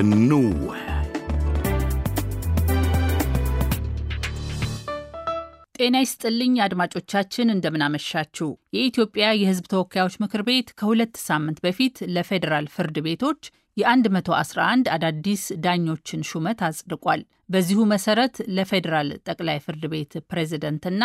እንወያይ ጤና ይስጥልኝ አድማጮቻችን እንደምናመሻችው የኢትዮጵያ የሕዝብ ተወካዮች ምክር ቤት ከሁለት ሳምንት በፊት ለፌዴራል ፍርድ ቤቶች የ111 አዳዲስ ዳኞችን ሹመት አጽድቋል። በዚሁ መሰረት ለፌዴራል ጠቅላይ ፍርድ ቤት ፕሬዝደንትና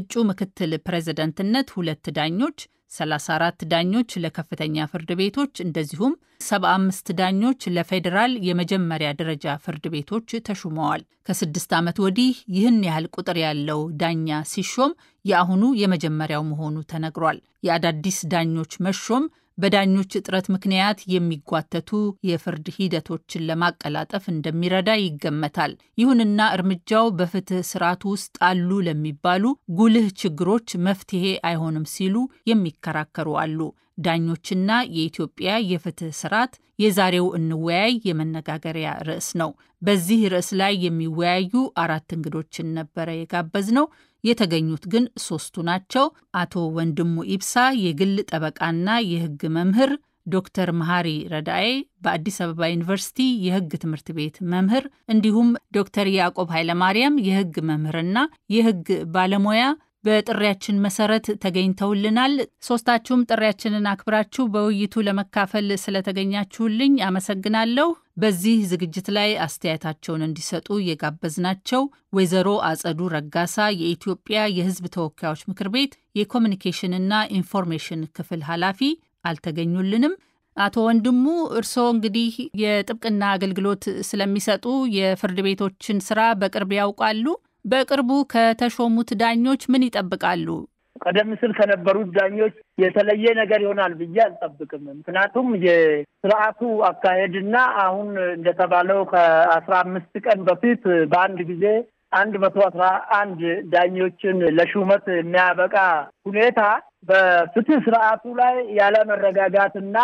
እጩ ምክትል ፕሬዝደንትነት ሁለት ዳኞች፣ 34 ዳኞች ለከፍተኛ ፍርድ ቤቶች እንደዚሁም 75 ዳኞች ለፌዴራል የመጀመሪያ ደረጃ ፍርድ ቤቶች ተሹመዋል። ከስድስት ዓመት ወዲህ ይህን ያህል ቁጥር ያለው ዳኛ ሲሾም የአሁኑ የመጀመሪያው መሆኑ ተነግሯል። የአዳዲስ ዳኞች መሾም በዳኞች እጥረት ምክንያት የሚጓተቱ የፍርድ ሂደቶችን ለማቀላጠፍ እንደሚረዳ ይገመታል። ይሁንና እርምጃው በፍትህ ስርዓት ውስጥ አሉ ለሚባሉ ጉልህ ችግሮች መፍትሄ አይሆንም ሲሉ የሚከራከሩ አሉ። ዳኞችና የኢትዮጵያ የፍትህ ስርዓት የዛሬው እንወያይ የመነጋገሪያ ርዕስ ነው። በዚህ ርዕስ ላይ የሚወያዩ አራት እንግዶችን ነበረ የጋበዝ ነው። የተገኙት ግን ሶስቱ ናቸው። አቶ ወንድሙ ኢብሳ የግል ጠበቃና የህግ መምህር፣ ዶክተር መሐሪ ረዳኤ በአዲስ አበባ ዩኒቨርሲቲ የህግ ትምህርት ቤት መምህር እንዲሁም ዶክተር ያዕቆብ ኃይለማርያም የህግ መምህርና የህግ ባለሙያ በጥሪያችን መሰረት ተገኝተውልናል። ሶስታችሁም ጥሪያችንን አክብራችሁ በውይይቱ ለመካፈል ስለተገኛችሁልኝ አመሰግናለሁ። በዚህ ዝግጅት ላይ አስተያየታቸውን እንዲሰጡ የጋበዝናቸው ወይዘሮ አጸዱ ረጋሳ የኢትዮጵያ የሕዝብ ተወካዮች ምክር ቤት የኮሚኒኬሽንና ኢንፎርሜሽን ክፍል ኃላፊ አልተገኙልንም። አቶ ወንድሙ እርስዎ እንግዲህ የጥብቅና አገልግሎት ስለሚሰጡ የፍርድ ቤቶችን ስራ በቅርብ ያውቃሉ። በቅርቡ ከተሾሙት ዳኞች ምን ይጠብቃሉ? ቀደም ሲል ከነበሩት ዳኞች የተለየ ነገር ይሆናል ብዬ አልጠብቅም። ምክንያቱም የስርዓቱ አካሄድና አሁን እንደተባለው ከአስራ አምስት ቀን በፊት በአንድ ጊዜ አንድ መቶ አስራ አንድ ዳኞችን ለሹመት የሚያበቃ ሁኔታ በፍትህ ስርዓቱ ላይ ያለ መረጋጋት እና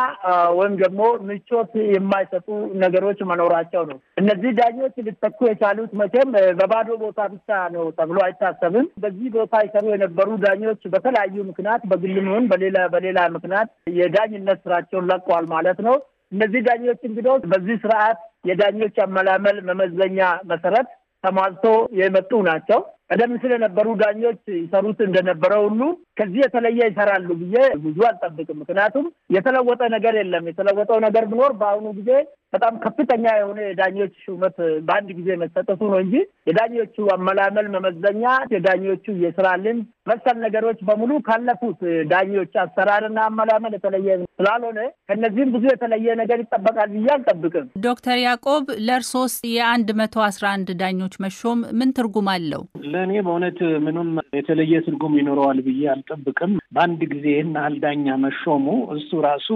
ወይም ደግሞ ምቾት የማይሰጡ ነገሮች መኖራቸው ነው። እነዚህ ዳኞች ሊተኩ የቻሉት መቼም በባዶ ቦታ ብቻ ነው ተብሎ አይታሰብም። በዚህ ቦታ ይሰሩ የነበሩ ዳኞች በተለያዩ ምክንያት በግልም ይሁን በሌላ በሌላ ምክንያት የዳኝነት ስራቸውን ለቀዋል ማለት ነው። እነዚህ ዳኞች እንግዲህ በዚህ ስርዓት የዳኞች አመላመል መመዘኛ መሰረት ተሟልቶ የመጡ ናቸው። ቀደም ሲል የነበሩ ዳኞች ይሰሩት እንደነበረ ሁሉ ከዚህ የተለየ ይሰራሉ ብዬ ብዙ አልጠብቅም። ምክንያቱም የተለወጠ ነገር የለም። የተለወጠው ነገር ቢኖር በአሁኑ ጊዜ በጣም ከፍተኛ የሆነ የዳኞች ሹመት በአንድ ጊዜ መሰጠቱ ነው እንጂ የዳኞቹ አመላመል መመዘኛ፣ የዳኞቹ የስራ ልምድ መሰል ነገሮች በሙሉ ካለፉት ዳኞች አሰራርና አመላመል የተለየ ስላልሆነ ከነዚህም ብዙ የተለየ ነገር ይጠበቃል ብዬ አልጠብቅም። ዶክተር ያዕቆብ ለእርሶስ የአንድ መቶ አስራ አንድ ዳኞች መሾም ምን ትርጉም አለው? ለእኔ በእውነት ምንም የተለየ ትርጉም ይኖረዋል ብዬ አልጠብቅም። በአንድ ጊዜ ይህን ያህል ዳኛ መሾሙ እሱ ራሱ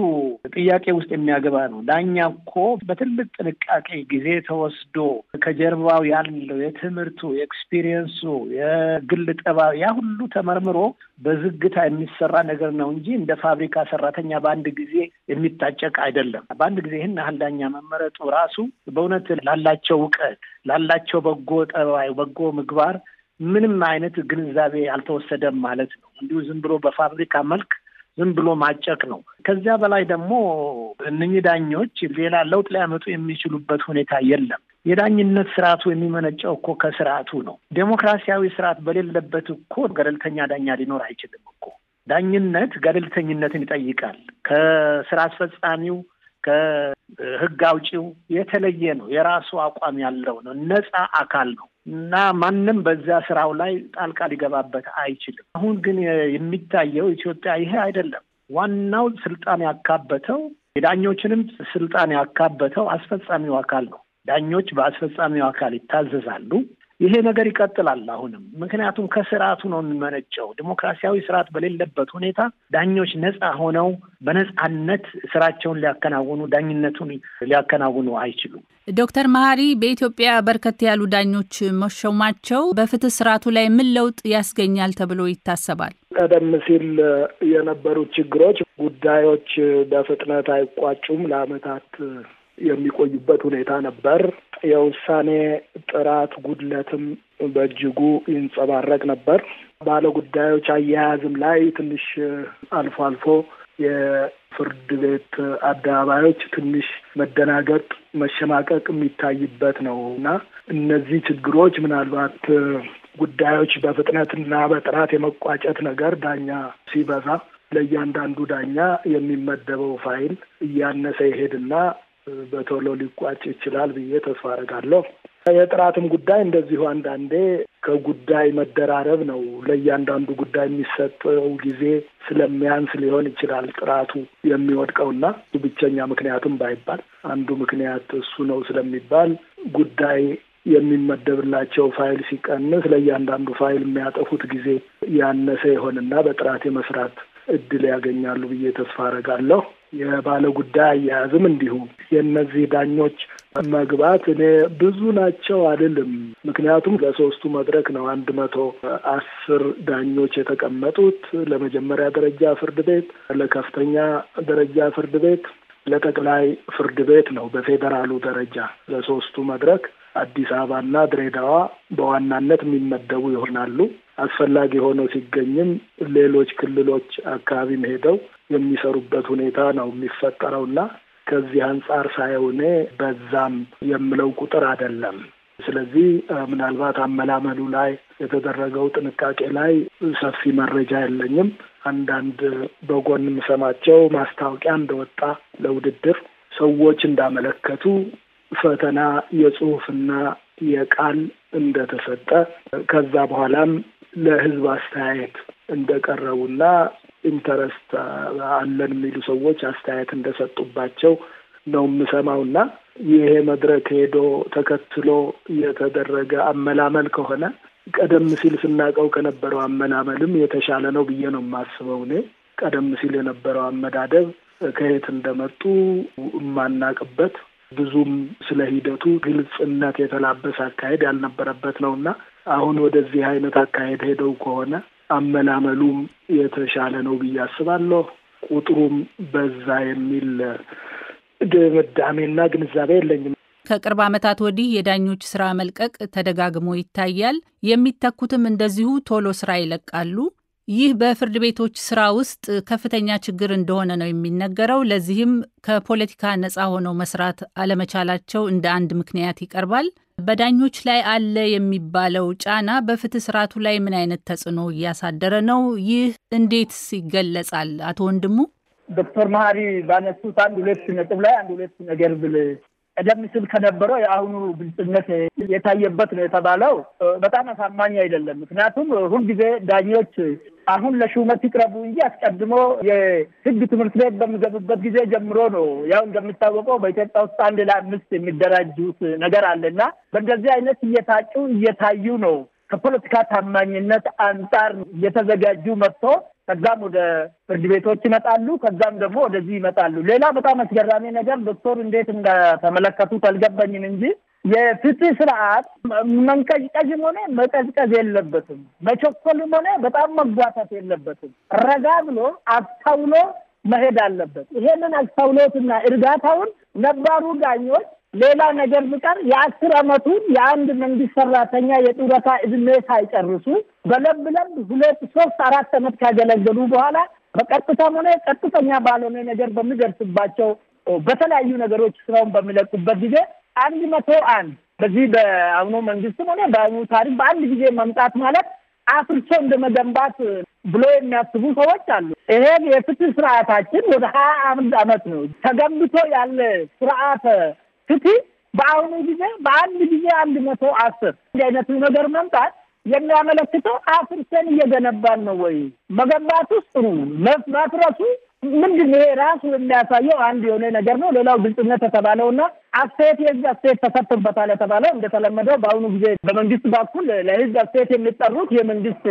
ጥያቄ ውስጥ የሚያገባ ነው። ዳኛ እኮ በትልቅ ጥንቃቄ ጊዜ ተወስዶ ከጀርባው ያለው የትምህርቱ፣ የኤክስፒሪየንሱ፣ የግል ጠባብ ያ ሁሉ ተመርምሮ በዝግታ የሚሰራ ነገር ነው እንጂ እንደ ፋብሪካ ሰራተኛ በአንድ ጊዜ የሚታጨቅ አይደለም። በአንድ ጊዜ ይህን ያህል ዳኛ መመረጡ ራሱ በእውነት ላላቸው እውቀት ላላቸው በጎ ጠባይ፣ በጎ ምግባር ምንም አይነት ግንዛቤ አልተወሰደም ማለት ነው። እንዲሁ ዝም ብሎ በፋብሪካ መልክ ዝም ብሎ ማጨቅ ነው። ከዚያ በላይ ደግሞ እነኚህ ዳኞች ሌላ ለውጥ ሊያመጡ የሚችሉበት ሁኔታ የለም። የዳኝነት ስርዓቱ የሚመነጨው እኮ ከስርዓቱ ነው። ዴሞክራሲያዊ ስርዓት በሌለበት እኮ ገለልተኛ ዳኛ ሊኖር አይችልም እኮ። ዳኝነት ገለልተኝነትን ይጠይቃል። ከስራ አስፈጻሚው ከህግ አውጪው የተለየ ነው። የራሱ አቋም ያለው ነው። ነፃ አካል ነው። እና ማንም በዛ ስራው ላይ ጣልቃ ሊገባበት አይችልም። አሁን ግን የሚታየው ኢትዮጵያ ይሄ አይደለም። ዋናው ስልጣን ያካበተው የዳኞችንም ስልጣን ያካበተው አስፈጻሚው አካል ነው። ዳኞች በአስፈጻሚው አካል ይታዘዛሉ። ይሄ ነገር ይቀጥላል አሁንም። ምክንያቱም ከስርዓቱ ነው የምንመነጨው። ዲሞክራሲያዊ ስርዓት በሌለበት ሁኔታ ዳኞች ነፃ ሆነው በነፃነት ስራቸውን ሊያከናውኑ ዳኝነቱን ሊያከናውኑ አይችሉም። ዶክተር መሀሪ በኢትዮጵያ በርከት ያሉ ዳኞች መሾማቸው በፍትህ ስርዓቱ ላይ ምን ለውጥ ያስገኛል ተብሎ ይታሰባል? ቀደም ሲል የነበሩት ችግሮች ጉዳዮች በፍጥነት አይቋጩም። ለአመታት የሚቆዩበት ሁኔታ ነበር። የውሳኔ ጥራት ጉድለትም በእጅጉ ይንጸባረቅ ነበር። ባለ ጉዳዮች አያያዝም ላይ ትንሽ አልፎ አልፎ የፍርድ ቤት አደባባዮች ትንሽ መደናገጥ፣ መሸማቀቅ የሚታይበት ነው እና እነዚህ ችግሮች ምናልባት ጉዳዮች በፍጥነትና በጥራት የመቋጨት ነገር ዳኛ ሲበዛ ለእያንዳንዱ ዳኛ የሚመደበው ፋይል እያነሰ ይሄድና በቶሎ ሊቋጭ ይችላል ብዬ ተስፋ አደርጋለሁ። የጥራትም ጉዳይ እንደዚሁ አንዳንዴ ከጉዳይ መደራረብ ነው። ለእያንዳንዱ ጉዳይ የሚሰጠው ጊዜ ስለሚያንስ ሊሆን ይችላል ጥራቱ የሚወድቀውና ብቸኛ ምክንያትም ባይባል አንዱ ምክንያት እሱ ነው ስለሚባል ጉዳይ የሚመደብላቸው ፋይል ሲቀንስ ለእያንዳንዱ ፋይል የሚያጠፉት ጊዜ ያነሰ ይሆንና በጥራት የመስራት እድል ያገኛሉ ብዬ ተስፋ አረጋለሁ። የባለ ጉዳይ አያያዝም እንዲሁ የእነዚህ ዳኞች መግባት እኔ ብዙ ናቸው አይደለም። ምክንያቱም ለሶስቱ መድረክ ነው አንድ መቶ አስር ዳኞች የተቀመጡት ለመጀመሪያ ደረጃ ፍርድ ቤት፣ ለከፍተኛ ደረጃ ፍርድ ቤት፣ ለጠቅላይ ፍርድ ቤት ነው በፌዴራሉ ደረጃ ለሶስቱ መድረክ አዲስ አበባና ድሬዳዋ በዋናነት የሚመደቡ ይሆናሉ። አስፈላጊ ሆኖ ሲገኝም ሌሎች ክልሎች አካባቢም ሄደው የሚሰሩበት ሁኔታ ነው የሚፈጠረው ና ከዚህ አንጻር ሳየው እኔ በዛም የምለው ቁጥር አይደለም። ስለዚህ ምናልባት አመላመሉ ላይ የተደረገው ጥንቃቄ ላይ ሰፊ መረጃ የለኝም። አንዳንድ በጎን የምሰማቸው ማስታወቂያ እንደወጣ ለውድድር ሰዎች እንዳመለከቱ ፈተና የጽሁፍና የቃል እንደተሰጠ ከዛ በኋላም ለህዝብ አስተያየት እንደቀረቡና ኢንተረስት አለን የሚሉ ሰዎች አስተያየት እንደሰጡባቸው ነው የምሰማውና ይሄ መድረክ ሄዶ ተከትሎ የተደረገ አመላመል ከሆነ ቀደም ሲል ስናውቀው ከነበረው አመላመልም የተሻለ ነው ብዬ ነው የማስበው። እኔ ቀደም ሲል የነበረው አመዳደብ ከየት እንደመጡ የማናቅበት ብዙም ስለ ሂደቱ ግልጽነት የተላበሰ አካሄድ ያልነበረበት ነው እና አሁን ወደዚህ አይነት አካሄድ ሄደው ከሆነ አመላመሉም የተሻለ ነው ብዬ አስባለሁ። ቁጥሩም በዛ የሚል ድምዳሜና ግንዛቤ የለኝም። ከቅርብ ዓመታት ወዲህ የዳኞች ስራ መልቀቅ ተደጋግሞ ይታያል። የሚተኩትም እንደዚሁ ቶሎ ስራ ይለቃሉ። ይህ በፍርድ ቤቶች ስራ ውስጥ ከፍተኛ ችግር እንደሆነ ነው የሚነገረው። ለዚህም ከፖለቲካ ነፃ ሆነው መስራት አለመቻላቸው እንደ አንድ ምክንያት ይቀርባል። በዳኞች ላይ አለ የሚባለው ጫና በፍትህ ስርዓቱ ላይ ምን አይነት ተጽዕኖ እያሳደረ ነው? ይህ እንዴት ይገለጻል? አቶ ወንድሙ ዶክተር መሀሪ ባነሱት አንድ ሁለት ነጥብ ላይ አንድ ሁለት ነገር ብል ቀደም ሲል ከነበረው የአሁኑ ግልጽነት የታየበት ነው የተባለው በጣም አሳማኝ አይደለም። ምክንያቱም ሁልጊዜ ዳኞች አሁን ለሹመት ይቅረቡ እንጂ አስቀድሞ የሕግ ትምህርት ቤት በሚገቡበት ጊዜ ጀምሮ ነው። ያው እንደሚታወቀው በኢትዮጵያ ውስጥ አንድ ለአምስት የሚደራጁት ነገር አለ እና በእንደዚህ አይነት እየታጩ እየታዩ ነው ከፖለቲካ ታማኝነት አንጻር እየተዘጋጁ መጥቶ ከዛም ወደ ፍርድ ቤቶች ይመጣሉ። ከዛም ደግሞ ወደዚህ ይመጣሉ። ሌላ በጣም አስገራሚ ነገር ዶክተር እንዴት እንደተመለከቱት አልገባኝም እንጂ የፍትህ ስርዓት መንቀዥቀዥም ሆነ መቀዝቀዝ የለበትም። መቸኮልም ሆነ በጣም መጓታት የለበትም። ረጋ ብሎ አስተውሎ መሄድ አለበት። ይሄንን አስተውሎትና እርጋታውን ነባሩ ዳኞች ሌላ ነገር ቢቀር የአስር አመቱን የአንድ መንግስት ሰራተኛ የጡረታ እድሜ ሳይጨርሱ በለብ ለብ ሁለት ሶስት አራት አመት ካገለገሉ በኋላ በቀጥታም ሆነ ቀጥተኛ ባልሆነ ነገር በሚደርስባቸው በተለያዩ ነገሮች ስራውን በሚለቁበት ጊዜ አንድ መቶ አንድ በዚህ በአሁኑ መንግስትም ሆነ በአሁኑ ታሪክ በአንድ ጊዜ መምጣት ማለት አፍርሶ እንደ መገንባት ብሎ የሚያስቡ ሰዎች አሉ። ይሄን የፍትህ ስርዓታችን ወደ ሀያ አንድ አመት ነው ተገንብቶ ያለ ስርዓት ፍትህ በአሁኑ ጊዜ በአንድ ጊዜ አንድ መቶ አስር እንዲህ አይነቱ ነገር መምጣት የሚያመለክተው አፍርሰን እየገነባን ነው ወይ? መገንባት ውስጥ ጥሩ ማፍረሱ ምንድን ይሄ ራሱ የሚያሳየው አንድ የሆነ ነገር ነው። ሌላው ግልጽነት የተባለው እና አስተያየት የህዝብ አስተያየት ተሰጥቶበታል የተባለው እንደተለመደው በአሁኑ ጊዜ በመንግስት በኩል ለህዝብ አስተያየት የሚጠሩት የመንግስት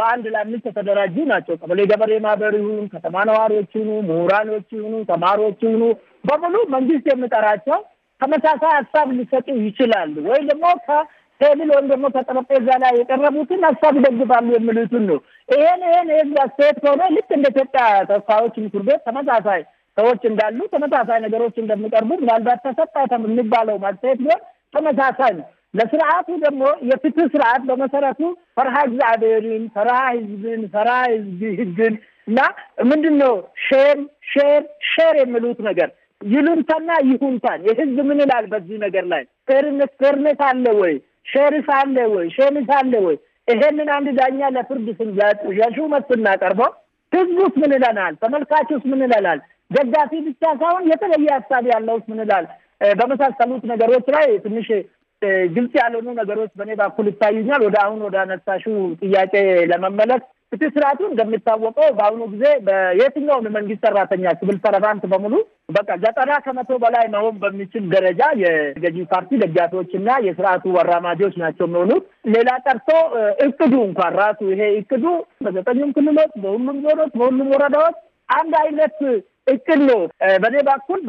በአንድ ለአምስት የተደራጁ ናቸው። ቀበሌ ገበሬ ማህበር ይሁን፣ ከተማ ነዋሪዎች ይሁኑ፣ ምሁራኖች ይሁኑ፣ ተማሪዎች ይሁኑ በሙሉ መንግስት የሚጠራቸው ተመሳሳይ ሀሳብ ሊሰጡ ይችላሉ ወይ ደግሞ ከቴብል ወይም ደግሞ ከጠረጴዛ ላይ የቀረቡትን ሀሳብ ይደግፋሉ የሚሉትን ነው። ይሄን ይሄን የህዝብ አስተያየት ከሆነ ልክ እንደ ኢትዮጵያ ተወካዮች ምክር ቤት ተመሳሳይ ሰዎች እንዳሉ ተመሳሳይ ነገሮች እንደሚቀርቡ ምናልባት ተሰጣ የሚባለው ማስተያየት ቢሆን ተመሳሳይ ነው። ለስርዓቱ ደግሞ የፍትህ ስርዓት በመሰረቱ ፈርሃ እግዚአብሔርን፣ ፈርሃ ህዝብን፣ ፈርሃ ህዝብ ህግን እና ምንድን ነው ሼር ሼር ሼር የሚሉት ነገር ይሉንታና ይሁንታን የህዝብ ምን ይላል? በዚህ ነገር ላይ ፌርነት ፌርነት አለ ወይ? ሸሪፍ አለ ወይ? ሸሚት አለ ወይ? ይሄንን አንድ ዳኛ ለፍርድ ስንያጡ የሹመት ስናቀርበው ህዝቡስ ምን ይለናል? ተመልካቹስ ምን ይለናል? ደጋፊ ብቻ ሳይሆን የተለየ ሀሳብ ያለውስ ምን ይላል? በመሳሰሉት ነገሮች ላይ ትንሽ ግልጽ ያልሆኑ ነገሮች በእኔ በኩል ይታዩኛል። ወደ አሁን ወደ አነሳሹ ጥያቄ ለመመለስ ፍትህ ስርዓቱ እንደሚታወቀው በአሁኑ ጊዜ የትኛውም የመንግስት ሰራተኛ ሲቪል ሰርቫንት በሙሉ በቃ ዘጠና ከመቶ በላይ መሆን በሚችል ደረጃ የገዢ ፓርቲ ደጋፊዎች እና የስርዓቱ ወራማጆች ናቸው የሚሆኑት። ሌላ ቀርቶ እቅዱ እንኳን ራሱ ይሄ እቅዱ በዘጠኙም ክልሎች፣ በሁሉም ዞኖች፣ በሁሉም ወረዳዎች አንድ አይነት እቅድ ነው። በእኔ በኩል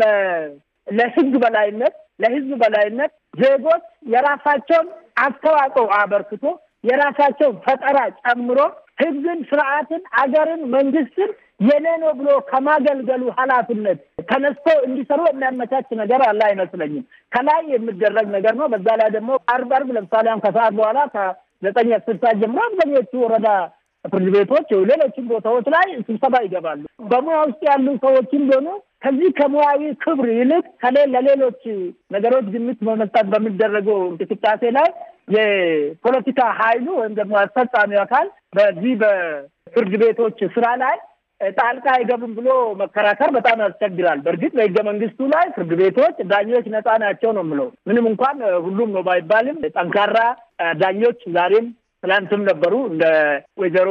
ለህግ በላይነት ለህዝብ በላይነት ዜጎች የራሳቸውን አስተዋጽኦ አበርክቶ የራሳቸውን ፈጠራ ጨምሮ ህግን፣ ስርዓትን፣ አገርን፣ መንግስትን የኔ ነው ብሎ ከማገልገሉ ኃላፊነት ተነስቶ እንዲሰሩ የሚያመቻች ነገር አለ አይመስለኝም። ከላይ የሚደረግ ነገር ነው። በዛ ላይ ደግሞ አርብ አርብ ለምሳሌ አሁን ከሰዓት በኋላ ከዘጠኝ ስልሳ ጀምሮ አብዛኞቹ ወረዳ ፍርድ ቤቶች፣ ሌሎችም ቦታዎች ላይ ስብሰባ ይገባሉ። በሙያ ውስጥ ያሉ ሰዎችም ቢሆኑ ከዚህ ከሙያዊ ክብር ይልቅ ከሌ ለሌሎች ነገሮች ግምት በመስጠት በሚደረገው እንቅስቃሴ ላይ የፖለቲካ ኃይሉ ወይም ደግሞ አስፈጻሚው አካል በዚህ በፍርድ ቤቶች ስራ ላይ ጣልቃ አይገቡም ብሎ መከራከር በጣም ያስቸግራል። በእርግጥ በህገ መንግስቱ ላይ ፍርድ ቤቶች ዳኞች ነፃ ናቸው ነው የምለው። ምንም እንኳን ሁሉም ነው ባይባልም ጠንካራ ዳኞች ዛሬም ትላንትም ነበሩ። እንደ ወይዘሮ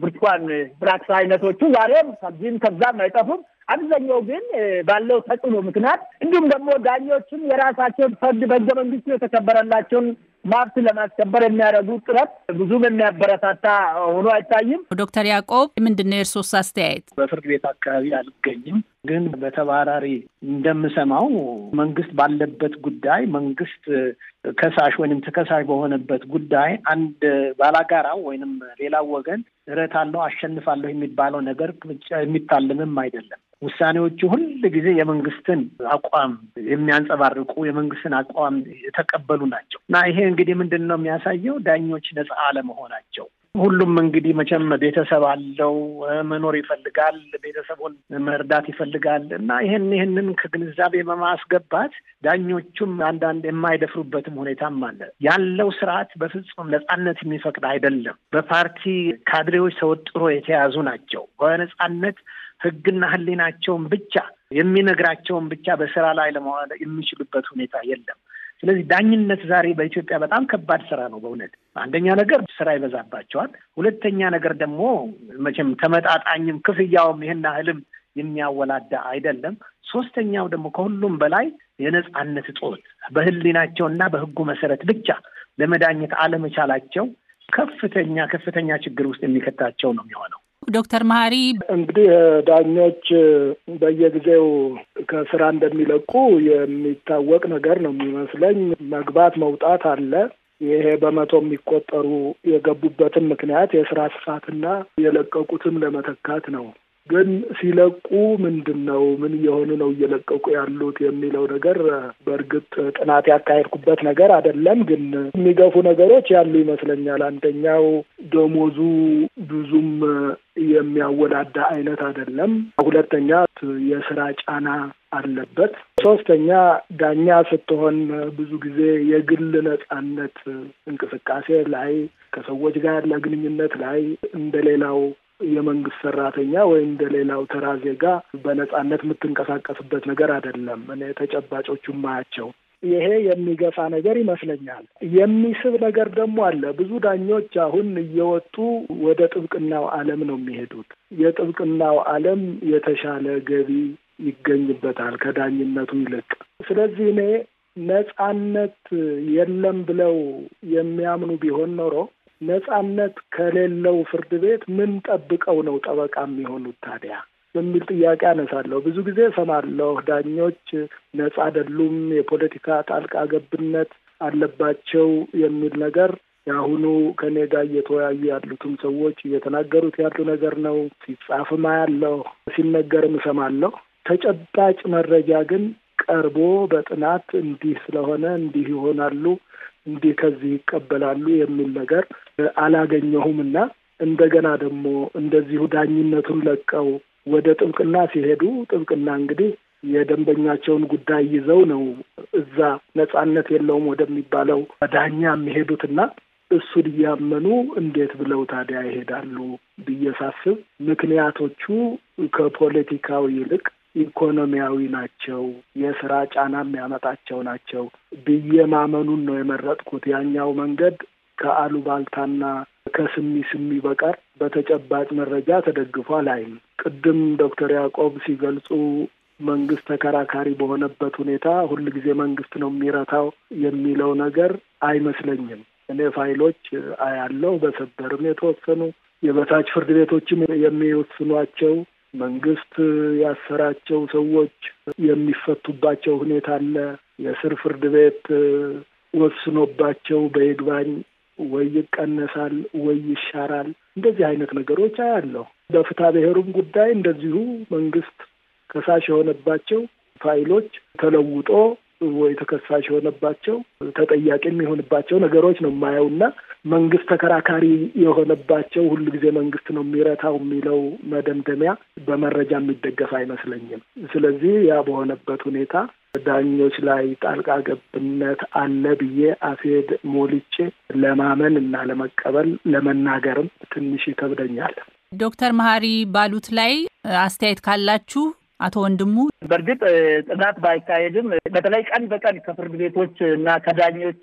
ብርቱካን ብራክስ አይነቶቹ ዛሬም ከዚህም ከዛም አይጠፉም። አብዛኛው ግን ባለው ተጽዕኖ ምክንያት እንዲሁም ደግሞ ዳኞችም የራሳቸውን ፍርድ በህገ መንግስቱ የተከበረላቸውን መብት ለማስከበር የሚያደርጉ ጥረት ብዙም የሚያበረታታ ሆኖ አይታይም። ዶክተር ያዕቆብ ምንድን ነው የእርሶስ አስተያየት? በፍርድ ቤት አካባቢ አልገኝም። ግን በተባራሪ እንደምሰማው መንግስት ባለበት ጉዳይ መንግስት ከሳሽ ወይንም ተከሳሽ በሆነበት ጉዳይ አንድ ባላጋራ ወይንም ሌላ ወገን ርዕት አለው አሸንፋለሁ የሚባለው ነገር የሚታለምም አይደለም። ውሳኔዎቹ ሁል ጊዜ የመንግስትን አቋም የሚያንጸባርቁ የመንግስትን አቋም የተቀበሉ ናቸው እና ይሄ እንግዲህ ምንድን ነው የሚያሳየው ዳኞች ነፃ አለመሆናቸው ሁሉም እንግዲህ መቼም ቤተሰብ አለው፣ መኖር ይፈልጋል፣ ቤተሰቡን መርዳት ይፈልጋል እና ይህን ይህንን ከግንዛቤ በማስገባት ዳኞቹም አንዳንድ የማይደፍሩበትም ሁኔታም አለ። ያለው ስርዓት በፍጹም ነጻነት የሚፈቅድ አይደለም። በፓርቲ ካድሬዎች ተወጥሮ የተያዙ ናቸው። በነጻነት ህግና ህሊናቸውን ብቻ የሚነግራቸውን ብቻ በስራ ላይ ለመዋል የሚችሉበት ሁኔታ የለም። ስለዚህ ዳኝነት ዛሬ በኢትዮጵያ በጣም ከባድ ስራ ነው በእውነት። አንደኛ ነገር ስራ ይበዛባቸዋል። ሁለተኛ ነገር ደግሞ መቼም ተመጣጣኝም ክፍያውም ይህን ያህልም የሚያወላዳ አይደለም። ሶስተኛው ደግሞ ከሁሉም በላይ የነጻነት እጦት በህሊናቸውና በህጉ መሰረት ብቻ ለመዳኘት አለመቻላቸው ከፍተኛ ከፍተኛ ችግር ውስጥ የሚከታቸው ነው የሚሆነው። ዶክተር መሀሪ እንግዲህ ዳኞች በየጊዜው ከስራ እንደሚለቁ የሚታወቅ ነገር ነው የሚመስለኝ። መግባት መውጣት አለ። ይሄ በመቶ የሚቆጠሩ የገቡበትን ምክንያት የስራ ስፋትና የለቀቁትም ለመተካት ነው። ግን ሲለቁ ምንድን ነው ምን እየሆኑ ነው እየለቀቁ ያሉት የሚለው ነገር በእርግጥ ጥናት ያካሄድኩበት ነገር አይደለም። ግን የሚገፉ ነገሮች ያሉ ይመስለኛል። አንደኛው ደሞዙ ብዙም የሚያወዳዳ አይነት አይደለም። ሁለተኛ የስራ ጫና አለበት። ሶስተኛ ዳኛ ስትሆን ብዙ ጊዜ የግል ነጻነት እንቅስቃሴ ላይ ከሰዎች ጋር ያለ ግንኙነት ላይ እንደሌላው የመንግስት ሰራተኛ ወይም እንደሌላው ተራ ዜጋ በነጻነት የምትንቀሳቀስበት ነገር አይደለም። እኔ ተጨባጮቹ ማያቸው ይሄ የሚገፋ ነገር ይመስለኛል። የሚስብ ነገር ደግሞ አለ። ብዙ ዳኞች አሁን እየወጡ ወደ ጥብቅናው ዓለም ነው የሚሄዱት። የጥብቅናው ዓለም የተሻለ ገቢ ይገኝበታል ከዳኝነቱ ይልቅ። ስለዚህ እኔ ነጻነት የለም ብለው የሚያምኑ ቢሆን ኖሮ ነጻነት ከሌለው ፍርድ ቤት ምን ጠብቀው ነው ጠበቃ የሚሆኑት ታዲያ የሚል ጥያቄ አነሳለሁ። ብዙ ጊዜ እሰማለሁ፣ ዳኞች ነጻ አይደሉም፣ የፖለቲካ ጣልቃ ገብነት አለባቸው የሚል ነገር የአሁኑ ከኔ ጋር እየተወያዩ ያሉትም ሰዎች እየተናገሩት ያሉ ነገር ነው። ሲጻፍም አያለሁ፣ ሲነገርም እሰማለሁ። ተጨባጭ መረጃ ግን ቀርቦ በጥናት እንዲህ ስለሆነ እንዲህ ይሆናሉ እንዲህ ከዚህ ይቀበላሉ የሚል ነገር አላገኘሁም እና እንደገና ደግሞ እንደዚሁ ዳኝነቱን ለቀው ወደ ጥብቅና ሲሄዱ ጥብቅና እንግዲህ የደንበኛቸውን ጉዳይ ይዘው ነው እዛ ነጻነት የለውም ወደሚባለው ዳኛ የሚሄዱትና እሱን እያመኑ እንዴት ብለው ታዲያ ይሄዳሉ ብዬ ሳስብ ምክንያቶቹ ከፖለቲካው ይልቅ ኢኮኖሚያዊ ናቸው፣ የስራ ጫና የሚያመጣቸው ናቸው ብዬ ማመኑን ነው የመረጥኩት። ያኛው መንገድ ከአሉባልታና ከስሚ ስሚ በቀር በተጨባጭ መረጃ ተደግፏል አይም። ቅድም ዶክተር ያዕቆብ ሲገልጹ መንግስት ተከራካሪ በሆነበት ሁኔታ ጊዜ መንግስት ነው የሚረታው የሚለው ነገር አይመስለኝም። እኔ ፋይሎች አያለው፣ በሰበርም የተወሰኑ የበታች ፍርድ ቤቶችም የሚወስኗቸው መንግስት ያሰራቸው ሰዎች የሚፈቱባቸው ሁኔታ አለ። የስር ፍርድ ቤት ወስኖባቸው በይግባኝ ወይ ይቀነሳል ወይ ይሻራል። እንደዚህ አይነት ነገሮች አያለሁ። በፍትሐ ብሔሩም ጉዳይ እንደዚሁ መንግስት ከሳሽ የሆነባቸው ፋይሎች ተለውጦ ወይ ተከሳሽ የሆነባቸው ተጠያቂ የሚሆንባቸው ነገሮች ነው የማየውና መንግስት ተከራካሪ የሆነባቸው ሁሉ ጊዜ መንግስት ነው የሚረታው የሚለው መደምደሚያ በመረጃ የሚደገፍ አይመስለኝም። ስለዚህ ያ በሆነበት ሁኔታ ዳኞች ላይ ጣልቃ ገብነት አለ ብዬ አፌድ ሞልቼ ለማመን እና ለመቀበል ለመናገርም ትንሽ ይከብደኛል። ዶክተር መሀሪ ባሉት ላይ አስተያየት ካላችሁ አቶ ወንድሙ በእርግጥ ጥናት ባይካሄድም በተለይ ቀን በቀን ከፍርድ ቤቶች እና ከዳኞች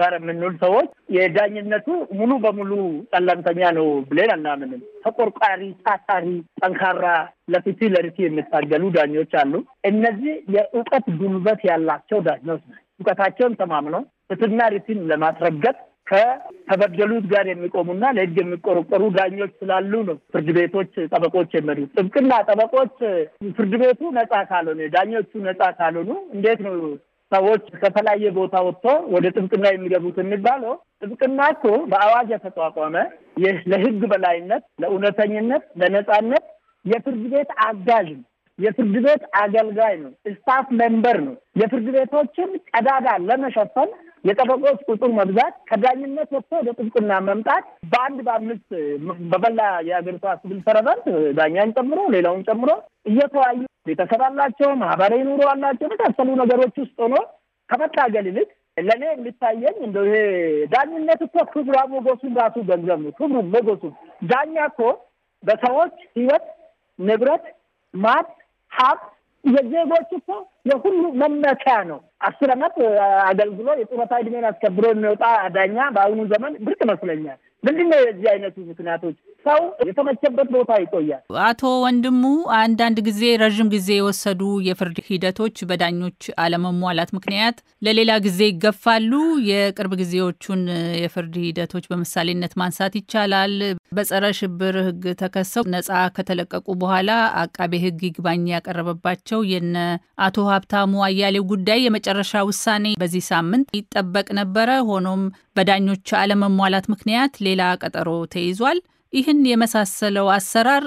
ጋር የምንውል ሰዎች የዳኝነቱ ሙሉ በሙሉ ጨለምተኛ ነው ብለን አናምንም። ተቆርቋሪ፣ ታታሪ፣ ጠንካራ ለፍትህ ለርትዕ የሚታገሉ ዳኞች አሉ። እነዚህ የእውቀት ጉልበት ያላቸው ዳኞች ናቸው። እውቀታቸውን ተማምነው ፍትና ሪቲን ለማስረገጥ ከተበደሉት ጋር የሚቆሙና ለህግ የሚቆረቆሩ ዳኞች ስላሉ ነው ፍርድ ቤቶች ጠበቆች የመሪ ጥብቅና ጠበቆች ፍርድ ቤቱ ነጻ ካልሆነ፣ ዳኞቹ ነጻ ካልሆኑ እንዴት ነው ሰዎች ከተለያየ ቦታ ወጥቶ ወደ ጥብቅና የሚገቡት የሚባለው? ጥብቅና እኮ በአዋጅ የተቋቋመ ይህ በላይነት፣ ለእውነተኝነት፣ ለነጻነት የፍርድ ቤት አጋዥ ነው። የፍርድ ቤት አገልጋይ ነው፣ ስታፍ ሜምበር ነው። የፍርድ ቤቶችን ቀዳዳ ለመሸፈን የጠበቆች ቁጥር መብዛት፣ ከዳኝነት ወጥቶ ወደ ጥብቅና መምጣት፣ በአንድ በአምስት በበላ የአገሪቷ ሲቪል ሰርቫንት ዳኛን ጨምሮ ሌላውን ጨምሮ እየተዋዩ ቤተሰብ አላቸው፣ ማህበራዊ ኑሮ አላቸው፣ የመሳሰሉ ነገሮች ውስጥ ሆኖ ከመታገል ይልቅ ለእኔ የሚታየኝ እንደ ይሄ ዳኝነት እኮ ክብራ ሞገሱን ራሱ ገንዘብ ነው። ክብሩ ሞገሱን ዳኛ እኮ በሰዎች ህይወት ንብረት ማት ሀብ የዜጎች እኮ የሁሉ መመኪያ ነው። አስር አመት አገልግሎ የጡረታ እድሜን አስከብሮ የሚወጣ ዳኛ በአሁኑ ዘመን ብርቅ መስለኛል። ምንድነው የዚህ አይነቱ ምክንያቶች? ሰው የተመቸበት ቦታ ይቆያል። አቶ ወንድሙ፣ አንዳንድ ጊዜ ረዥም ጊዜ የወሰዱ የፍርድ ሂደቶች በዳኞች አለመሟላት ምክንያት ለሌላ ጊዜ ይገፋሉ። የቅርብ ጊዜዎቹን የፍርድ ሂደቶች በምሳሌነት ማንሳት ይቻላል። በጸረ ሽብር ሕግ ተከሰው ነጻ ከተለቀቁ በኋላ አቃቤ ሕግ ይግባኝ ያቀረበባቸው የነ አቶ ሀብታሙ አያሌው ጉዳይ የመጨረሻ ውሳኔ በዚህ ሳምንት ይጠበቅ ነበረ። ሆኖም በዳኞች አለመሟላት ምክንያት ሌላ ቀጠሮ ተይዟል። ይህን የመሳሰለው አሰራር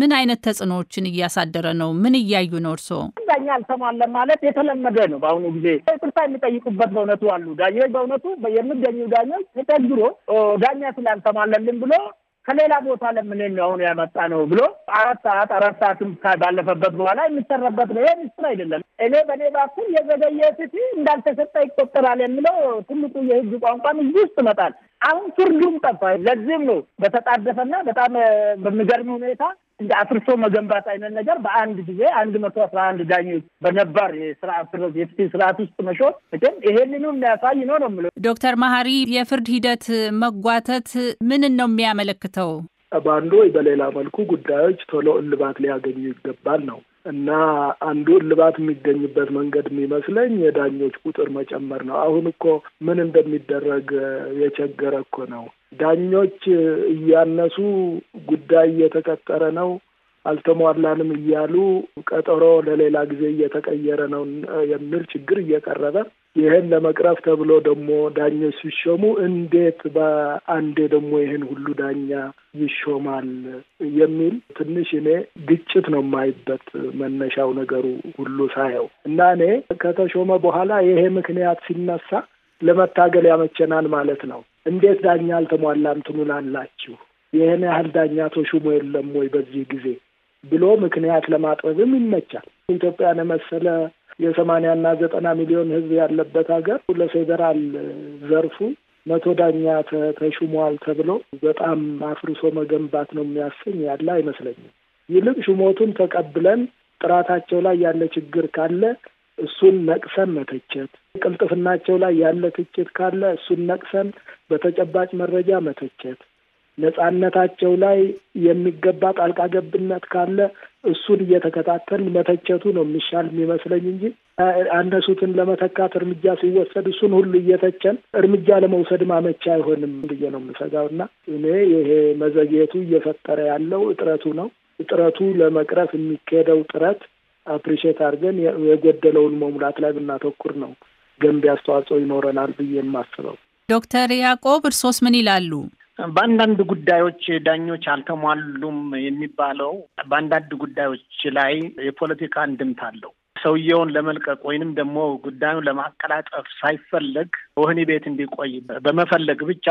ምን አይነት ተጽዕኖዎችን እያሳደረ ነው? ምን እያዩ ነው እርስዎ? ዳኛ አልሰማለም ማለት የተለመደ ነው። በአሁኑ ጊዜ ይቅርታ የሚጠይቁበት በእውነቱ አሉ ዳኞች። በእውነቱ የሚገኙ ዳኞች ተቸግሮ ዳኛ ስላልተሟለልን ብሎ ከሌላ ቦታ ለምን አሁን ያመጣ ነው ብሎ አራት ሰዓት አራት ሰዓትም ባለፈበት በኋላ የሚሰራበት ነው። ይሄ ሚስጥር አይደለም። እኔ በእኔ በኩል የዘገየ ፍት እንዳልተሰጠ ይቆጠራል የምለው ትልቁ የህግ ቋንቋም ህዝብ ውስጥ ይመጣል። አሁን ፍርዱም ጠፋ። ለዚህም ነው በተጣደፈና በጣም በሚገርም ሁኔታ እንደ አፍርሶ መገንባት አይነት ነገር በአንድ ጊዜ አንድ መቶ አስራ አንድ ዳኞች በነባር የስርዓት የፍትህ ስርዓት ውስጥ መሾም ግን ይሄንኑ የሚያሳይ ነው ነው የምለው። ዶክተር መሀሪ የፍርድ ሂደት መጓተት ምንን ነው የሚያመለክተው? በአንዱ ወይ በሌላ መልኩ ጉዳዮች ቶሎ እልባት ሊያገኙ ይገባል ነው እና አንዱ እልባት የሚገኝበት መንገድ የሚመስለኝ የዳኞች ቁጥር መጨመር ነው። አሁን እኮ ምን እንደሚደረግ የቸገረ እኮ ነው። ዳኞች እያነሱ ጉዳይ እየተቀጠረ ነው፣ አልተሟላንም እያሉ ቀጠሮ ለሌላ ጊዜ እየተቀየረ ነው የሚል ችግር እየቀረበ ይህን ለመቅረፍ ተብሎ ደግሞ ዳኞች ሲሾሙ እንዴት በአንዴ ደግሞ ይህን ሁሉ ዳኛ ይሾማል የሚል ትንሽ እኔ ግጭት ነው የማይበት መነሻው ነገሩ ሁሉ ሳየው እና እኔ ከተሾመ በኋላ ይሄ ምክንያት ሲነሳ ለመታገል ያመቸናል ማለት ነው። እንዴት ዳኛ አልተሟላም ትሉላላችሁ? ይህን ያህል ዳኛ ተሹሞ የለም ወይ በዚህ ጊዜ ብሎ ምክንያት ለማቅረብም ይመቻል። ኢትዮጵያን የመሰለ የሰማንያና ዘጠና ሚሊዮን ህዝብ ያለበት ሀገር ለፌዴራል ዘርፉ መቶ ዳኛ ተሹሟል ተብሎ በጣም አፍርሶ መገንባት ነው የሚያሰኝ ያለ አይመስለኝም። ይልቅ ሹሞቱን ተቀብለን ጥራታቸው ላይ ያለ ችግር ካለ እሱን ነቅሰን መተቸት፣ ቅልጥፍናቸው ላይ ያለ ትችት ካለ እሱን ነቅሰን በተጨባጭ መረጃ መተቸት ነጻነታቸው ላይ የሚገባ ጣልቃ ገብነት ካለ እሱን እየተከታተል መተቸቱ ነው የሚሻል የሚመስለኝ እንጂ አነሱትን ለመተካት እርምጃ ሲወሰድ እሱን ሁሉ እየተቸን እርምጃ ለመውሰድ ማመቻ አይሆንም ብዬ ነው የምሰጋው እና እኔ ይሄ መዘግየቱ እየፈጠረ ያለው እጥረቱ ነው። እጥረቱ ለመቅረፍ የሚካሄደው ጥረት አፕሪሼት አድርገን የጎደለውን መሙላት ላይ ብናተኩር ነው ገንቢ አስተዋጽኦ ይኖረናል ብዬ የማስበው። ዶክተር ያዕቆብ እርሶስ ምን ይላሉ? በአንዳንድ ጉዳዮች ዳኞች አልተሟሉም የሚባለው በአንዳንድ ጉዳዮች ላይ የፖለቲካ አንድምታ አለው። ሰውየውን ለመልቀቅ ወይንም ደግሞ ጉዳዩን ለማቀላጠፍ ሳይፈለግ ወህኒ ቤት እንዲቆይ በመፈለግ ብቻ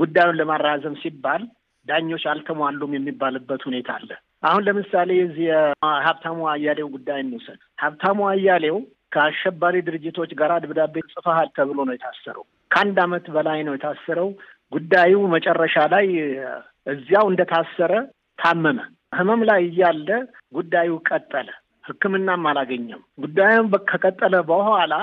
ጉዳዩን ለማራዘም ሲባል ዳኞች አልተሟሉም የሚባልበት ሁኔታ አለ። አሁን ለምሳሌ እዚህ የሀብታሙ አያሌው ጉዳይ እንውሰድ። ሀብታሙ አያሌው ከአሸባሪ ድርጅቶች ጋር ድብዳቤ ጽፈሃል ተብሎ ነው የታሰረው። ከአንድ ዓመት በላይ ነው የታሰረው። ጉዳዩ መጨረሻ ላይ እዚያው እንደታሰረ ታመመ። ህመም ላይ እያለ ጉዳዩ ቀጠለ። ህክምናም አላገኘም። ጉዳዩም ከቀጠለ በኋላ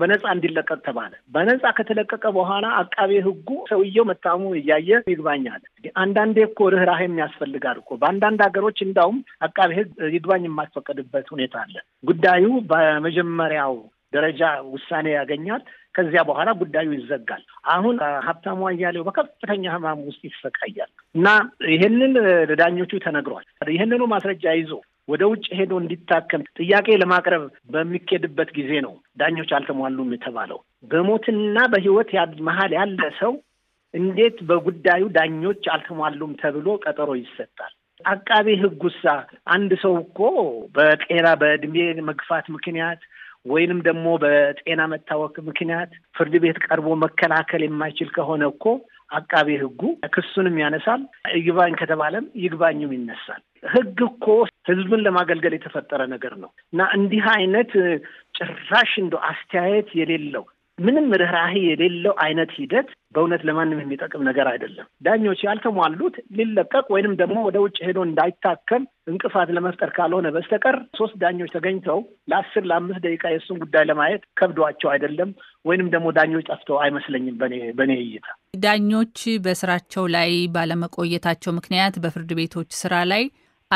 በነፃ እንዲለቀቅ ተባለ። በነፃ ከተለቀቀ በኋላ አቃቤ ህጉ ሰውየው መታሙ እያየ ይግባኛል። አንዳንዴ እኮ ርኅራሄም ያስፈልጋል እኮ በአንዳንድ ሀገሮች እንዳውም አቃቤ ህግ ይግባኝ የማትፈቀድበት ሁኔታ አለ። ጉዳዩ በመጀመሪያው ደረጃ ውሳኔ ያገኛል። ከዚያ በኋላ ጉዳዩ ይዘጋል። አሁን ሀብታሙ አያሌው በከፍተኛ ሕማም ውስጥ ይሰቃያል እና ይህንን ለዳኞቹ ተነግሯል። ይህንኑ ማስረጃ ይዞ ወደ ውጭ ሄዶ እንዲታከም ጥያቄ ለማቅረብ በሚኬድበት ጊዜ ነው ዳኞች አልተሟሉም የተባለው። በሞትና በህይወት መሀል ያለ ሰው እንዴት በጉዳዩ ዳኞች አልተሟሉም ተብሎ ቀጠሮ ይሰጣል? አቃቤ ህጉሳ አንድ ሰው እኮ በጤና በእድሜ መግፋት ምክንያት ወይንም ደግሞ በጤና መታወክ ምክንያት ፍርድ ቤት ቀርቦ መከላከል የማይችል ከሆነ እኮ አቃቤ ሕጉ ክሱንም ያነሳል። ይግባኝ ከተባለም ይግባኝም ይነሳል። ሕግ እኮ ሕዝብን ለማገልገል የተፈጠረ ነገር ነው እና እንዲህ አይነት ጭራሽ እንደ አስተያየት የሌለው ምንም ርኅራሄ የሌለው አይነት ሂደት በእውነት ለማንም የሚጠቅም ነገር አይደለም። ዳኞች ያልተሟሉት ሊለቀቅ ወይንም ደግሞ ወደ ውጭ ሄዶ እንዳይታከም እንቅፋት ለመፍጠር ካልሆነ በስተቀር ሶስት ዳኞች ተገኝተው ለአስር ለአምስት ደቂቃ የእሱን ጉዳይ ለማየት ከብዷቸው አይደለም ወይንም ደግሞ ዳኞች ጠፍተው አይመስለኝም። በኔ እይታ ዳኞች በስራቸው ላይ ባለመቆየታቸው ምክንያት በፍርድ ቤቶች ስራ ላይ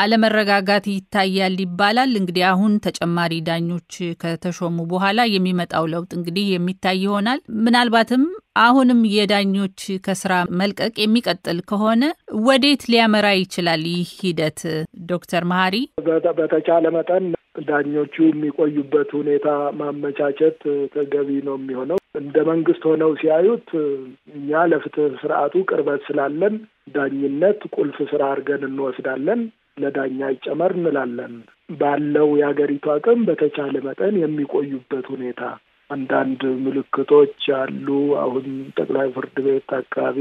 አለመረጋጋት ይታያል ይባላል። እንግዲህ አሁን ተጨማሪ ዳኞች ከተሾሙ በኋላ የሚመጣው ለውጥ እንግዲህ የሚታይ ይሆናል። ምናልባትም አሁንም የዳኞች ከስራ መልቀቅ የሚቀጥል ከሆነ ወዴት ሊያመራ ይችላል ይህ ሂደት? ዶክተር መሀሪ በተቻለ መጠን ዳኞቹ የሚቆዩበት ሁኔታ ማመቻቸት ተገቢ ነው የሚሆነው። እንደ መንግስት ሆነው ሲያዩት እኛ ለፍትህ ስርዓቱ ቅርበት ስላለን ዳኝነት ቁልፍ ስራ አድርገን እንወስዳለን። ለዳኛ ይጨመር እንላለን። ባለው የሀገሪቱ አቅም በተቻለ መጠን የሚቆዩበት ሁኔታ አንዳንድ ምልክቶች አሉ። አሁን ጠቅላይ ፍርድ ቤት አካባቢ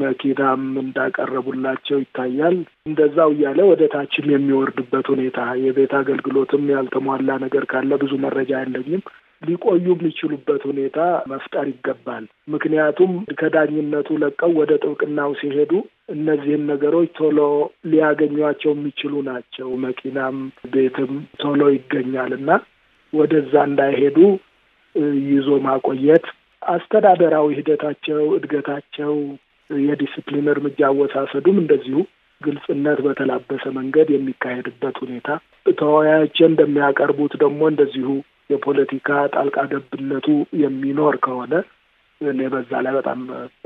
መኪናም እንዳቀረቡላቸው ይታያል። እንደዛው እያለ ወደ ታችም የሚወርድበት ሁኔታ የቤት አገልግሎትም ያልተሟላ ነገር ካለ ብዙ መረጃ ያለኝም ሊቆዩ የሚችሉበት ሁኔታ መፍጠር ይገባል። ምክንያቱም ከዳኝነቱ ለቀው ወደ ጥብቅናው ሲሄዱ እነዚህን ነገሮች ቶሎ ሊያገኟቸው የሚችሉ ናቸው። መኪናም ቤትም ቶሎ ይገኛል እና ወደዛ እንዳይሄዱ ይዞ ማቆየት አስተዳደራዊ ሂደታቸው፣ እድገታቸው፣ የዲስፕሊን እርምጃ አወሳሰዱም እንደዚሁ ግልጽነት በተላበሰ መንገድ የሚካሄድበት ሁኔታ ተወያዮች እንደሚያቀርቡት ደግሞ እንደዚሁ የፖለቲካ ጣልቃ ገብነቱ የሚኖር ከሆነ እኔ በዛ ላይ በጣም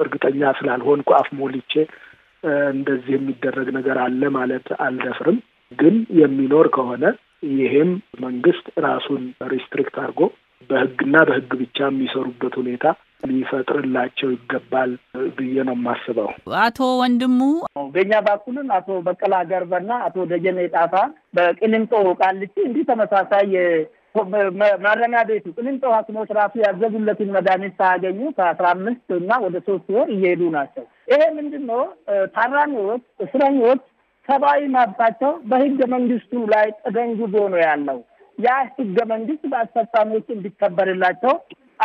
እርግጠኛ ስላልሆንኩ አፍ ሞልቼ እንደዚህ የሚደረግ ነገር አለ ማለት አልደፍርም። ግን የሚኖር ከሆነ ይሄም መንግስት ራሱን ሪስትሪክት አድርጎ በህግና በህግ ብቻ የሚሰሩበት ሁኔታ ሊፈጥርላቸው ይገባል ብዬ ነው የማስበው። አቶ ወንድሙ፣ በእኛ በኩልም አቶ በቀላ ገርበና አቶ ደጀኔ ጣፋ በቅሊንጦ ቃልቺ እንዲህ ተመሳሳይ ማረሚያ ቤቱ ቅሊንጦ ሐኪሞች ራሱ ያዘዙለትን መድኃኒት ሳያገኙ ከአስራ አምስት እና ወደ ሶስት ወር እየሄዱ ናቸው። ይሄ ምንድን ነው? ታራሚዎች፣ እስረኞች ሰብአዊ መብታቸው በህገ መንግስቱ ላይ ተደንግጎ ነው ያለው። ያ ህገ መንግስት በአስፈጻሚዎች እንዲከበርላቸው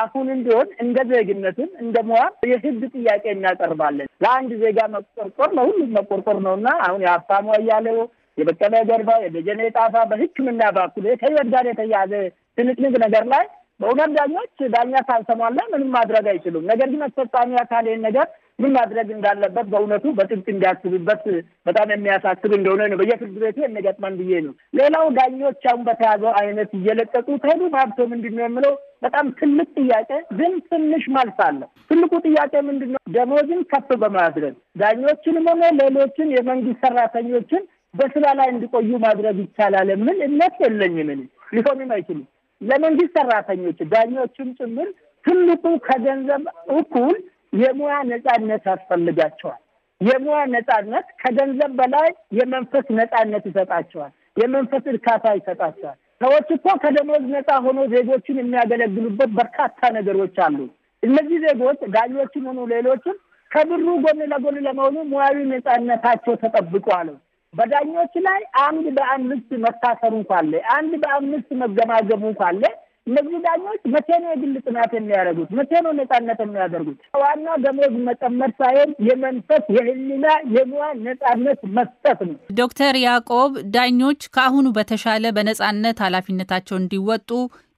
አሁን እንዲሆን እንደ ዜግነትም እንደ ሙያ የህግ ጥያቄ እናቀርባለን። ለአንድ ዜጋ መቆርቆር ለሁሉም መቆርቆር ነው እና አሁን የሀብታሙ እያለው የበቀለ ገርባ፣ የደጀኔ ጣፋ በሕክምና በኩል ከህይወት ጋር የተያያዘ ትንቅንቅ ነገር ላይ በእውነት ዳኞች ዳኛ ካልሰሟላ ምንም ማድረግ አይችሉም። ነገር ግን አስፈጻሚ አካል ይህን ነገር ምን ማድረግ እንዳለበት በእውነቱ በጥብቅ እንዲያስብበት በጣም የሚያሳስብ እንደሆነ ነው በየፍርድ ቤቱ የሚገጥመን ብዬ ነው። ሌላው ዳኞች አሁን በተያዘው አይነት እየለቀጡ ከሄዱ ማብቶ ምንድን ነው የምለው በጣም ትልቅ ጥያቄ ግን ትንሽ መልስ አለ። ትልቁ ጥያቄ ምንድን ነው? ደሞዝን ከፍ በማድረግ ዳኞችንም ሆነ ሌሎችን የመንግስት ሰራተኞችን በስራ ላይ እንዲቆዩ ማድረግ ይቻላል የምል እምነት የለኝም። እኔ ሊሆንም አይችልም። ለመንግስት ሰራተኞች ዳኞችም ጭምር ትልቁ ከገንዘብ እኩል የሙያ ነጻነት ያስፈልጋቸዋል። የሙያ ነጻነት ከገንዘብ በላይ የመንፈስ ነጻነት ይሰጣቸዋል። የመንፈስ እርካታ ይሰጣቸዋል። ሰዎች እኮ ከደሞዝ ነጻ ሆኖ ዜጎችን የሚያገለግሉበት በርካታ ነገሮች አሉ። እነዚህ ዜጎች ዳኞችም ሆኑ ሌሎችም ከብሩ ጎን ለጎን ለመሆኑ ሙያዊ ነጻነታቸው ተጠብቋል። በዳኞች ላይ አንድ በአምስት መታሰሩ እንኳለ አንድ በአምስት መገማገሙን እንኳለ እነዚህ ዳኞች መቼ ነው የግል ጥናት የሚያደርጉት? መቼ ነው ነጻነት የሚያደርጉት? ዋና ደሞዝ መጨመር ሳይሆን የመንፈስ የህሊና የሙያ ነጻነት መስጠት ነው። ዶክተር ያዕቆብ ዳኞች ከአሁኑ በተሻለ በነጻነት ኃላፊነታቸው እንዲወጡ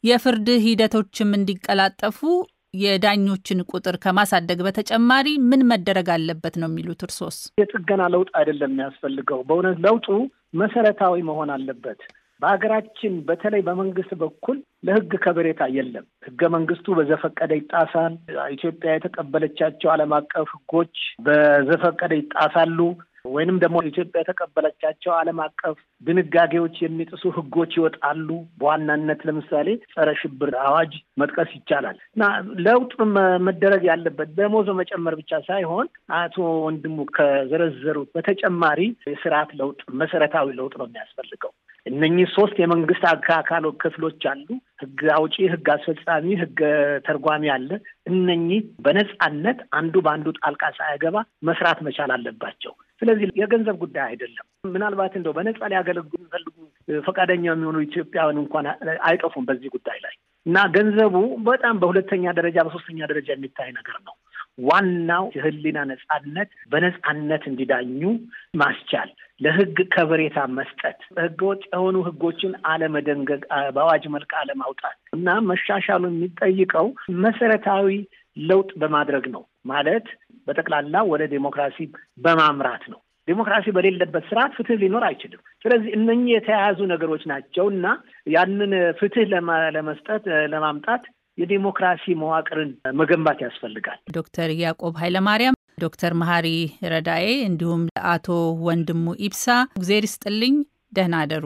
የፍርድ ሂደቶችም እንዲቀላጠፉ የዳኞችን ቁጥር ከማሳደግ በተጨማሪ ምን መደረግ አለበት ነው የሚሉት እርሶስ? የጥገና ለውጥ አይደለም የሚያስፈልገው። በእውነት ለውጡ መሰረታዊ መሆን አለበት። በሀገራችን በተለይ በመንግስት በኩል ለህግ ከበሬታ የለም። ህገ መንግስቱ በዘፈቀደ ይጣሳል። ኢትዮጵያ የተቀበለቻቸው ዓለም አቀፍ ህጎች በዘፈቀደ ይጣሳሉ። ወይንም ደግሞ ኢትዮጵያ የተቀበለቻቸው ዓለም አቀፍ ድንጋጌዎች የሚጥሱ ህጎች ይወጣሉ። በዋናነት ለምሳሌ ጸረ ሽብር አዋጅ መጥቀስ ይቻላል እና ለውጥ መደረግ ያለበት ደሞዝ መጨመር ብቻ ሳይሆን አቶ ወንድሙ ከዘረዘሩት በተጨማሪ የስርዓት ለውጥ መሰረታዊ ለውጥ ነው የሚያስፈልገው። እነኚህ ሶስት የመንግስት አካል ክፍሎች አሉ። ህግ አውጪ፣ ህግ አስፈጻሚ፣ ህግ ተርጓሚ አለ። እነኚህ በነጻነት አንዱ በአንዱ ጣልቃ ሳያገባ መስራት መቻል አለባቸው። ስለዚህ የገንዘብ ጉዳይ አይደለም። ምናልባት እንደው በነጻ ሊያገለግሉ የሚፈልጉ ፈቃደኛ የሚሆኑ ኢትዮጵያውያን እንኳን አይጠፉም በዚህ ጉዳይ ላይ እና ገንዘቡ በጣም በሁለተኛ ደረጃ በሶስተኛ ደረጃ የሚታይ ነገር ነው። ዋናው የህሊና ነጻነት በነጻነት እንዲዳኙ ማስቻል ለህግ ከበሬታ መስጠት፣ ህገወጥ የሆኑ ህጎችን አለመደንገግ፣ በአዋጅ መልክ አለማውጣት እና መሻሻሉ የሚጠይቀው መሰረታዊ ለውጥ በማድረግ ነው። ማለት በጠቅላላ ወደ ዴሞክራሲ በማምራት ነው። ዴሞክራሲ በሌለበት ስርዓት ፍትህ ሊኖር አይችልም። ስለዚህ እነኚህ የተያያዙ ነገሮች ናቸው እና ያንን ፍትህ ለመስጠት ለማምጣት የዴሞክራሲ መዋቅርን መገንባት ያስፈልጋል። ዶክተር ያዕቆብ ኃይለማርያም ዶክተር መሀሪ ረዳኤ እንዲሁም አቶ ወንድሙ ኢብሳ እግዜር ይስጥልኝ። ደህና አደሩ።